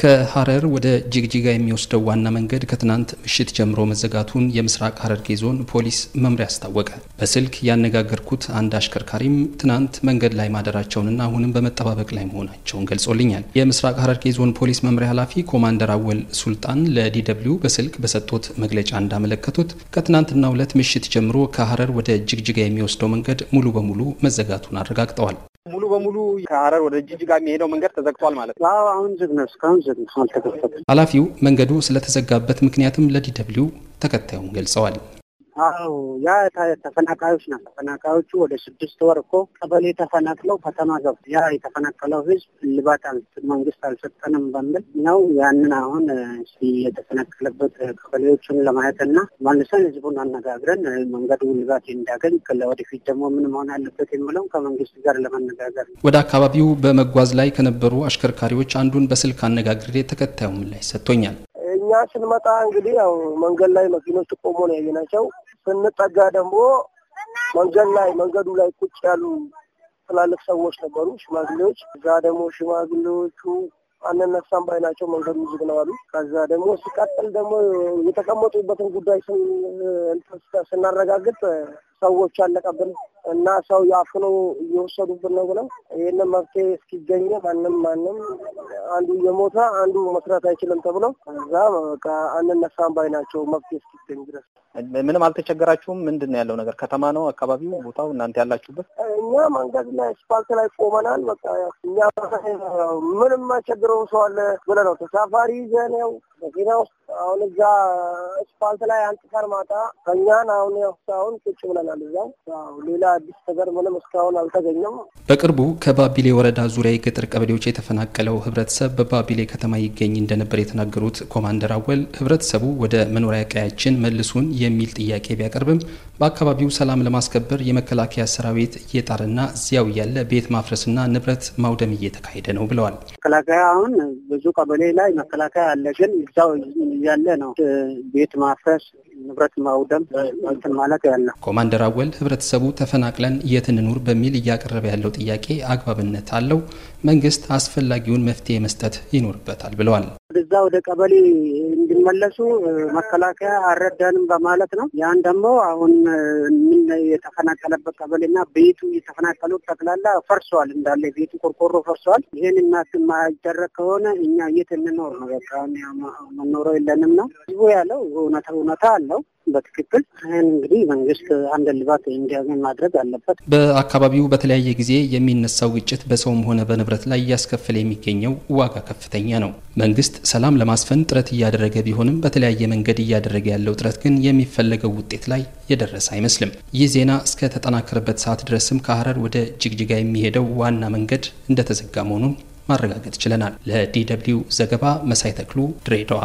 ከሐረር ወደ ጅግጅጋ የሚወስደው ዋና መንገድ ከትናንት ምሽት ጀምሮ መዘጋቱን የምስራቅ ሐረርጌ ዞን ፖሊስ መምሪያ አስታወቀ። በስልክ ያነጋገርኩት አንድ አሽከርካሪም ትናንት መንገድ ላይ ማደራቸውንና አሁንም በመጠባበቅ ላይ መሆናቸውን ገልጾልኛል። የምስራቅ ሐረርጌ ዞን ፖሊስ መምሪያ ኃላፊ ኮማንደር አወል ሱልጣን ለዲደብልዩ በስልክ በሰጡት መግለጫ እንዳመለከቱት ከትናንትና ሁለት ምሽት ጀምሮ ከሐረር ወደ ጅግጅጋ የሚወስደው መንገድ ሙሉ በሙሉ መዘጋቱን አረጋግጠዋል። ሙሉ በሙሉ ከሀረር ወደ ጅጅጋ የሚሄደው መንገድ ተዘግቷል ማለት ነው። አሁን ዝግ ነው፣ እስካሁን ዝግ ነው፣ አልተከፈተም። ኃላፊው መንገዱ ስለተዘጋበት ምክንያትም ለዲ ደብልዩ ገልጸዋል። አዎ ያ ተፈናቃዮች ናት። ተፈናቃዮቹ ወደ ስድስት ወር እኮ ቀበሌ ተፈናቅለው ከተማ ገብቶ ያ የተፈናቀለው ህዝብ እልባት መንግስት አልሰጠንም በሚል ነው። ያንን አሁን የተፈናቀለበት ቀበሌዎችን ለማየት እና መልሰን ህዝቡን አነጋግረን መንገዱ እልባት እንዳገኝ ለወደፊት ደግሞ ምን መሆን አለበት የሚለው ከመንግስት ጋር ለመነጋገር ነው። ወደ አካባቢው በመጓዝ ላይ ከነበሩ አሽከርካሪዎች አንዱን በስልክ አነጋግሬ ተከታዩ ምላሽ ሰጥቶኛል። እኛ ስንመጣ እንግዲህ ያው መንገድ ላይ መኪኖች ቆሞ ነው ያየናቸው። ስንጠጋ ደግሞ መንገድ ላይ መንገዱ ላይ ቁጭ ያሉ ትላልቅ ሰዎች ነበሩ፣ ሽማግሌዎች። እዛ ደግሞ ሽማግሌዎቹ አንነሳም ባይ ናቸው፣ መንገዱ ዝግ ነው አሉ። ከዛ ደግሞ ሲቀጥል ደግሞ የተቀመጡበትን ጉዳይ ስናረጋግጥ ሰዎች አለቀብን እና ሰው ያፍኖ እየወሰዱብን ነው ብለው ይህንን መፍትሄ እስኪገኝ ማንም ማንም አንዱ እየሞተ አንዱ መስራት አይችልም ተብለው እዛ በቃ አንነሳም ባይ ናቸው። መፍትሄ እስኪገኝ ድረስ ምንም አልተቸገራችሁም? ምንድን ነው ያለው ነገር? ከተማ ነው አካባቢው ቦታው እናንተ ያላችሁበት? እኛ መንገድ ላይ አስፋልት ላይ ቆመናል። በቃ እኛ ምንም ማቸግረው ሰው አለ ብለህ ነው ተሳፋሪ ዘኔው መኪና ውስጥ አሁን እዛ አስፋልት ላይ አንጥፈን ማታ ከኛን አሁን ያው እስካሁን ቁጭ ብለናል። እዛው ሌላ አዲስ ነገር ምንም እስካሁን አልተገኘም። በቅርቡ ከባቢሌ ወረዳ ዙሪያ የገጠር ቀበሌዎች የተፈናቀለው ህብረተሰብ በባቢሌ ከተማ ይገኝ እንደነበር የተናገሩት ኮማንደር አወል ህብረተሰቡ ወደ መኖሪያ ቀያችን መልሱን የሚል ጥያቄ ቢያቀርብም በአካባቢው ሰላም ለማስከበር የመከላከያ ሰራዊት እየጣረና እዚያው እያለ ቤት ማፍረስና ንብረት ማውደም እየተካሄደ ነው ብለዋል። መከላከያ አሁን ብዙ ቀበሌ ላይ መከላከያ አለ፣ ግን እዛው እያለ ነው ቤት ማፍረስ ንብረት ማውደም እንትን ማለት ያለ ኮማንደር አወል ህብረተሰቡ ተፈናቅለን የት እንኑር በሚል እያቀረበ ያለው ጥያቄ አግባብነት አለው፣ መንግስት አስፈላጊውን መፍትሄ መስጠት ይኖርበታል ብለዋል። ወደዛ ወደ ቀበሌ እንዲመለሱ መከላከያ አልረዳንም በማለት ነው። ያን ደግሞ አሁን ምን የተፈናቀለበት ቀበሌና ቤቱ የተፈናቀሉ ጠቅላላ ፈርሷል፣ እንዳለ ቤቱ ቆርቆሮ ፈርሷል። ይህን የማይደረግ ከሆነ እኛ የት እንኖር ነው? በቃ መኖረው የለንም ነው ህዝቡ ያለው እውነታ እውነታ አለው በትክክል ይህን እንግዲህ መንግስት አንድ ልባት እንዲያገኝ ማድረግ አለበት። በአካባቢው በተለያየ ጊዜ የሚነሳው ግጭት በሰውም ሆነ በንብረት ላይ እያስከፈለ የሚገኘው ዋጋ ከፍተኛ ነው። መንግስት ሰላም ለማስፈን ጥረት እያደረገ ቢሆንም በተለያየ መንገድ እያደረገ ያለው ጥረት ግን የሚፈለገው ውጤት ላይ የደረሰ አይመስልም። ይህ ዜና እስከ ተጠናከረበት ሰዓት ድረስም ከሀረር ወደ ጅግጅጋ የሚሄደው ዋና መንገድ እንደተዘጋ መሆኑን ማረጋገጥ ችለናል። ለዲ ደብልዩ ዘገባ መሳይ ተክሉ ድሬዳዋ